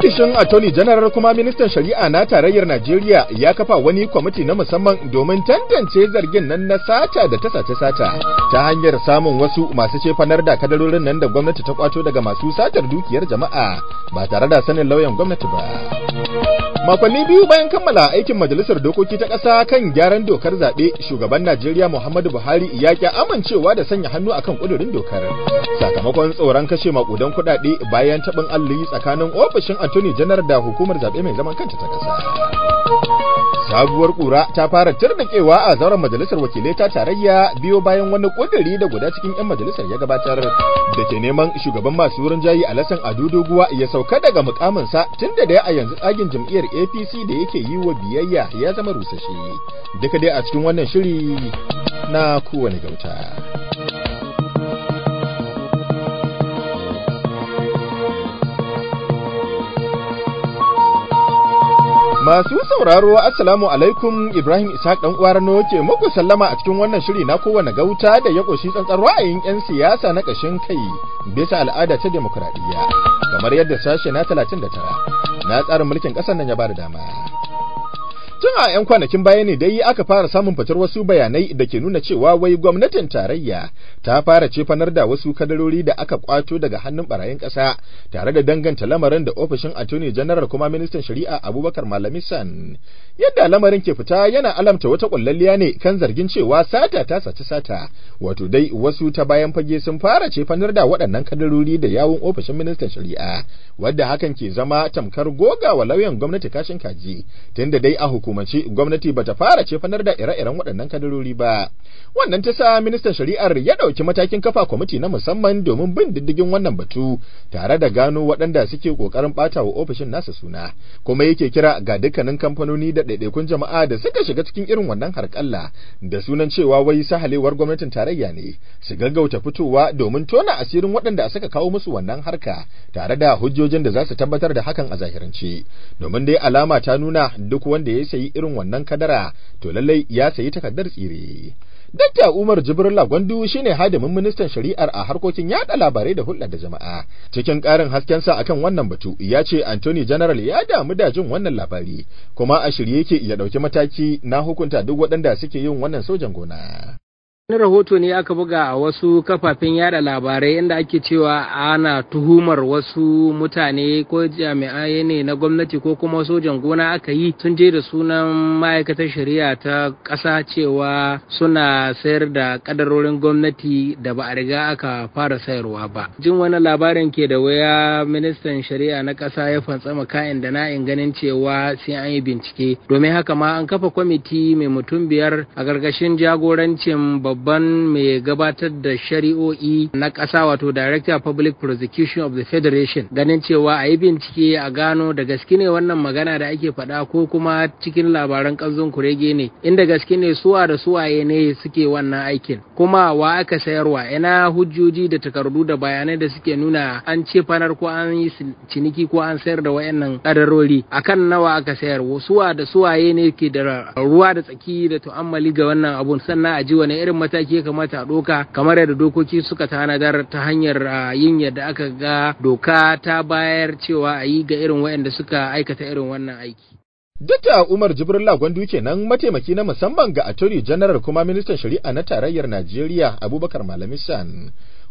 Ofishin Attorney General kuma Ministan Shari'a na Tarayyar Najeriya ya kafa wani kwamiti na musamman domin tantance zargin nan na sata da ta sace-sata ta hanyar samun wasu masu cefanar da kadarorin nan da gwamnati ta kwato daga masu satar dukiyar jama'a ba tare da sanin lauyan gwamnati ba. makonni biyu bayan kammala aikin majalisar dokoki ta ƙasa kan gyaran dokar zaɓe shugaban najeriya muhammadu buhari ya ƙi amincewa da sanya hannu akan ƙudurin dokar sakamakon tsoron kashe maƙudan kuɗaɗe bayan taɓin alli tsakanin ofishin attorney janar da hukumar zaɓe mai zaman kanta ta ƙasa sabuwar kura ta fara tarnakewa a zauren majalisar wakilai ta tarayya biyo bayan wani kudiri da guda cikin yan majalisar ya gabatar da ke neman shugaban masu wurin jayi alasan adudoguwa ya sauka daga mukaminsa tun da dai a yanzu tsagin jam'iyyar apc da yake yi wa biyayya ya zama rusashe duka dai a cikin wannan shiri na kowane gauta. Masu sauraro Assalamu alaikum Ibrahim isa dan uwar no ke muku sallama a cikin wannan shiri na kowane gauta da ya koshi tsantsar ra'ayin yan siyasa na kashin kai bisa al'ada ta demokradiyya kamar yadda sashe na 39 na tsarin mulkin kasar nan ya bada dama. Tun a 'yan kwanakin baya ne dai aka fara samun fitar wasu bayanai da ke nuna cewa wai gwamnatin tarayya ta fara cefanar da wasu kadarori da aka kwato daga hannun barayin ƙasa tare da danganta lamarin da ofishin Attorney General kuma ministan shari'a Abubakar Malamisan yadda lamarin ke fita yana alamta wata kullalliya ne kan zargin cewa sata ta saci sata wato dai wasu ta bayan fage sun fara cefanar da waɗannan kadarori da yawun ofishin ministan shari'a wadda hakan ke zama tamkar goga wa lauyan gwamnati kashin kaji tunda dai a hukumance gwamnati bata fara cefanar da ire-iren waɗannan kadarori ba wannan ta sa ministan shari'ar ya ɗauki matakin kafa kwamiti na musamman domin bin diddigin wannan batu tare da gano waɗanda suke ƙoƙarin ɓata wa ofishin nasa suna kuma yake kira ga dukkanin kamfanoni da ɗaiɗaikun jama'a da suka shiga cikin irin wannan harƙalla da sunan cewa wai sahalewar gwamnatin tarayya ne su gaggauta fitowa domin tona asirin waɗanda suka kawo musu wannan harka tare da hujjojin da za su tabbatar da hakan a zahirance domin dai alama ta nuna duk wanda ya sayi irin wannan kadara to lallai ya sayi takardar tsire Dakta Umar Jibrilla Gwandu shine hadimin ministan shari'ar a harkokin yada labarai da hulɗa da jama'a. Cikin ƙarin hasken sa akan wannan batu, ya ce Anthony General ya damu da jin wannan labari, kuma a shirye yake ya ɗauki mataki na hukunta duk waɗanda suke yin wannan sojan gona. Wani rahoto ne aka buga a wasu kafafen yada labarai inda ake cewa ana tuhumar wasu mutane ko jami'ai ne na gwamnati ko kuma sojan gona aka yi sun je da sunan ma'aikatar shari'a ta ƙasa cewa suna sayar da kadarorin gwamnati da ba a riga aka fara sayarwa ba. Jin wani labarin ke da waya ministan shari'a na ƙasa ya fantsama kayan da na in ganin cewa sai an yi bincike. Domin haka ma an kafa kwamiti mai mutum biyar a gargashin jagorancin babban babban mai gabatar da shari'o'i na ƙasa wato Director of Public Prosecution of the Federation ganin cewa a yi bincike a gano da gaske ne wannan magana da ake faɗa ko kuma cikin labaran ƙanzon kurege ne inda gaske ne suwa da suwaye ne suke wannan aikin kuma wa aka sayarwa ina hujjoji da takardu da bayanai da suke nuna an ce fanar ko an yi ciniki ko an sayar da wayannan kadarori akan nawa aka sayar suwa da suwaye ne ke da ruwa da tsaki da tu'ammali ga wannan abun sannan a ji wani irin mataki ya kamata a doka kamar yadda dokoki suka tanadar ta hanyar yin yadda aka ga doka ta bayar cewa a yi ga irin waɗanda suka aikata irin wannan aiki. da Umar Jibril Lagwandu kenan mataimaki na musamman ga Attorney General kuma Ministan Shari'a na Tarayyar Najeriya Abubakar Malamisan.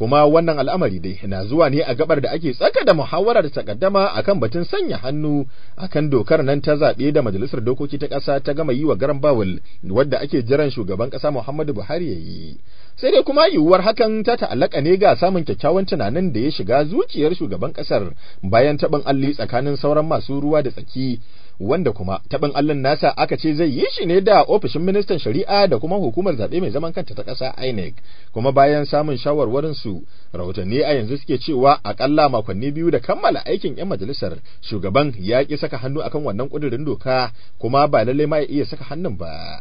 kuma wannan al'amari dai na zuwa ne a gabar da ake tsaka da muhawarar takaddama akan batun sanya hannu akan dokar nan ta zaɓe da majalisar dokoki ta ƙasa ta gama yi wa garan bawul wadda ake jiran shugaban ƙasa Muhammadu Buhari ya yi sai dai kuma yiwuwar hakan ta ta'allaka ne ga samun kyakkyawan tunanin da ya shiga zuciyar shugaban ƙasar bayan taɓin alli tsakanin sauran masu ruwa da tsaki wanda kuma taɓin allon nasa aka ce zai yi shi ne da ofishin ministan shari'a da kuma hukumar zaɓe mai zaman kanta ta ƙasa INEC kuma bayan samun shawarwarin su rahotanni a yanzu suke cewa akalla makonni biyu da kammala aikin 'yan majalisar shugaban ya ƙi saka hannu akan wannan ƙudurin doka kuma ba lallai ma ya iya saka hannun ba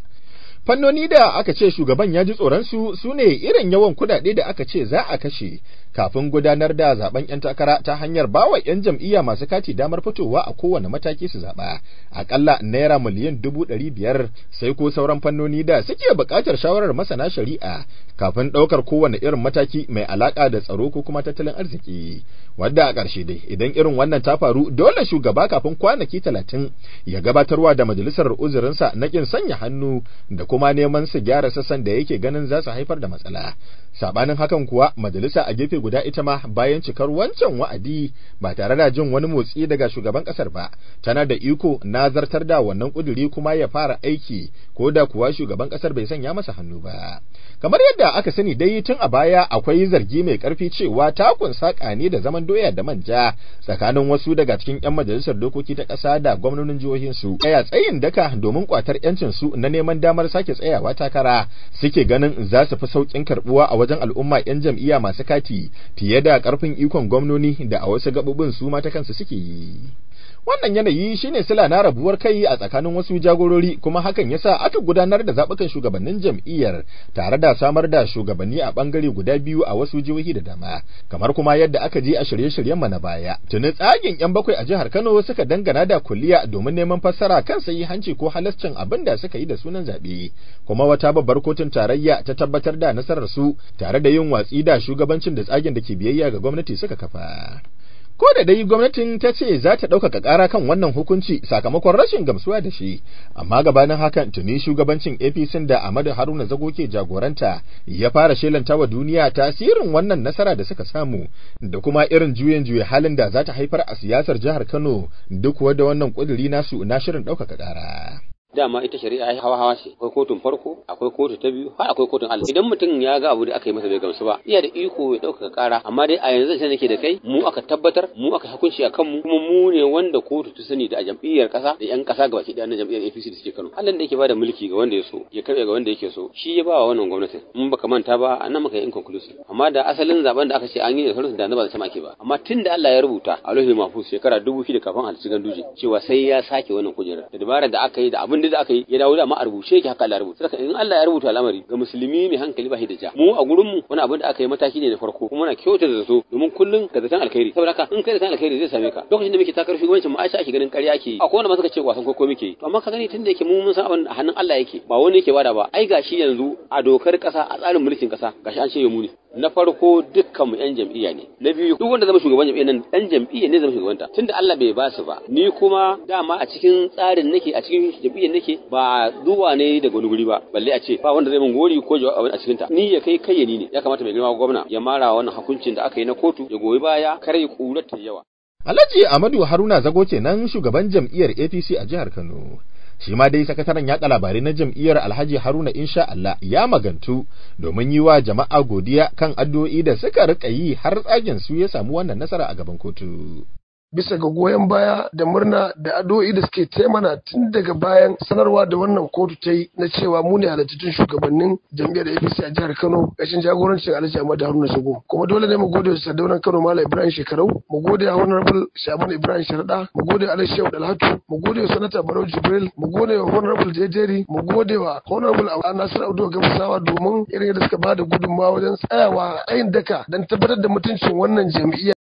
fannoni da aka ce shugaban ya ji tsoron su ne irin yawan kudade da aka ce za a kashe kafin gudanar da zaben 'yan takara ta hanyar bawa 'yan jam'iyya masu kati damar fitowa a kowane mataki su zaɓa aƙalla naira miliyan dubu ɗari biyar sai ko sauran fannoni da suke buƙatar shawarar masana shari'a kafin ɗaukar kowane irin mataki mai alaƙa da tsaro ko kuma tattalin arziki wadda a ƙarshe dai idan irin wannan ta faru dole shugaba kafin kwanaki talatin ya gabatarwa da majalisar uzurinsa na ƙin sanya hannu da kuma kuma neman su gyara sassan da yake ganin za su haifar da matsala sabanin hakan kuwa majalisa a gefe guda ita ma bayan cikar wancan wa'adi ba tare da jin wani motsi daga shugaban kasar ba tana da iko na zartar da wannan kuduri kuma ya fara aiki ko da kuwa shugaban kasar bai sanya masa hannu ba kamar yadda aka sani dai tun a baya akwai zargi mai karfi cewa takun saƙa ne da zaman doya da manja tsakanin wasu daga cikin yan majalisar dokoki ta kasa da gwamnonin jihohin su kaya tsayin daka domin kwatar yancin su na neman damar sake tsayawa takara suke ganin za su fi sauƙin karɓuwa a wajen al'umma 'yan jam'iyya masu kati fiye da ƙarfin ikon gwamnoni da a wasu gaɓuɓin su ma ta kansu suke yi. wannan yanayi shine sila na rabuwar kai a tsakanin wasu jagorori kuma hakan yasa aka gudanar da zabukan shugabannin jam'iyyar tare da samar da shugabanni a bangare guda biyu a wasu jihohi da dama kamar kuma yadda aka je a shirye-shiryen mana baya tuni tsagin yan bakwai a jihar Kano suka dangana da kulliya domin neman fassara kan sayi hanci ko halascin abin da suka yi da sunan zabe kuma wata babbar kotun tarayya ta tabbatar da nasarar su tare da yin watsi da shugabancin da tsagin da ke biyayya ga gwamnati suka kafa ko da dai gwamnatin ta ce za ta ɗaukaka ƙara kan wannan hukunci sakamakon rashin gamsuwa da shi amma gabanin hakan tuni shugabancin apc da amadu haruna zago ke jagoranta ya fara shelanta wa duniya tasirin wannan nasara da suka samu da kuma irin juyen juye halin da za ta haifar a siyasar jihar kano duk wadda wannan ƙuduri nasu na shirin ɗaukaka ƙara dama ita shari'a ya hawa hawa ce akwai kotun farko akwai kotu ta biyu har akwai kotun Allah idan mutum ya ga abu da aka yi masa bai gamsu ba iya da iko ya ɗaukaka kara amma dai a yanzu sai nake da kai mu aka tabbatar mu aka hukunci a mu kuma mu ne wanda kotu ta sani da a jam'iyyar kasa da ƴan ƙasa gabaki ɗaya na jam'iyyar APC da suke Kano Allah da yake bada mulki ga wanda ya so ya karbe ga wanda yake so shi ya ba wa wannan gwamnatin mun baka manta ba a nan muka yi inconclusive amma da asalin zaben da aka ce an yi da sarrafa da ba da sama ba amma tun da Allah ya rubuta a lohin mafus shekara dubu shida kafin a cikin duje cewa sai ya sake wannan kujerar da dabarar da aka yi da abin abin da aka yi ya dawo da ma a rubuce yake haka Allah rubuta in Allah ya rubuta al'amari ga musulmi mai hankali ba shi da ja mu a gurin mu wani abin da aka yi mataki ne na farko kuma muna kyauta da zato domin kullun ga zaton alkhairi saboda haka in kai zaton alkhairi zai same ka lokacin da muke takar shugabancin mu Aisha ake ganin ƙarya ake akwai wanda ma suka ce wasan koko muke to amma ka gani tunda yake mu mun san abin a hannun Allah yake ba wani yake bada ba ai gashi yanzu a dokar kasa a tsarin mulkin kasa gashi an ce mu ne na farko dukkan mu yan jam'iyya ne na biyu duk wanda zama shugaban jam'iyya nan dan jam'iyya ne zama shugabanta tunda Allah bai ba su ba ni kuma dama a cikin tsarin nake a cikin jam'iyya cikin nake ba duwa ne da wani guri ba balle a ce ba wanda zai mun gori ko jawabi a cikin ta ni ya kai kayyani ne ya kamata mai girma gwamna ya mara wannan hakuncin da aka yi na kotu ya goyi baya kare kurar ta yawa Alhaji ahmadu Haruna Zago nan shugaban jam'iyyar APC a jihar Kano shi ma dai sakataren yaɗa labarai na jam'iyyar alhaji haruna insha Allah ya magantu domin yi wa jama'a godiya kan addu'o'i da suka rika yi har tsagen su ya samu wannan nasara a gaban kotu bisa ga goyon baya da murna da addu'o'i da suke taimana tun daga bayan sanarwa da wannan kotu ta yi na cewa mu ne halittattun shugabannin jam'iyyar APC a jihar Kano ƙarshen jagorancin Alhaji Ahmad Haruna sago Kuma dole ne mu gode wa sardaunan Kano Malam Ibrahim Shekarau, mu gode wa Honorable Shabana Ibrahim Sharda. mu gode wa Alhaji Shehu Dalhatu, mu gode wa Sanata Barau Jibril, mu gode wa Honorable Jejeri, mu gode wa Honorable Nasir audu Gamsawa domin irin da suka bada da gudunmawa wajen tsayawa ayin daka don tabbatar da mutuncin wannan jam'iyya.